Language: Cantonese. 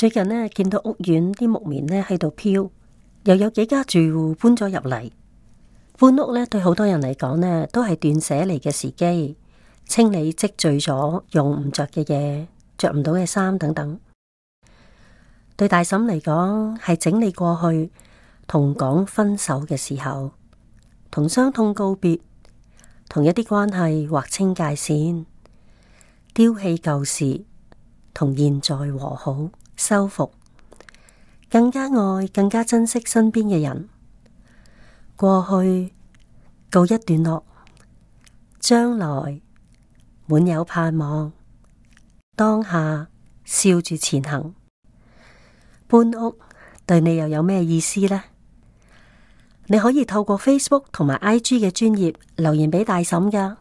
最近呢，見到屋苑啲木棉呢喺度飄，又有幾家住戶搬咗入嚟。搬屋呢，對好多人嚟講呢，都係斷捨離嘅時機，清理積聚咗用唔着嘅嘢，着唔到嘅衫等等。對大嬸嚟講，係整理過去同講分手嘅時候，同傷痛告別，同一啲關係劃清界線，丟棄舊事，同現在和好。修復，更加愛，更加珍惜身邊嘅人。過去告一段落，將來滿有盼望，當下笑住前行。搬屋對你又有咩意思呢？你可以透過 Facebook 同埋 IG 嘅專頁留言畀大嬸噶。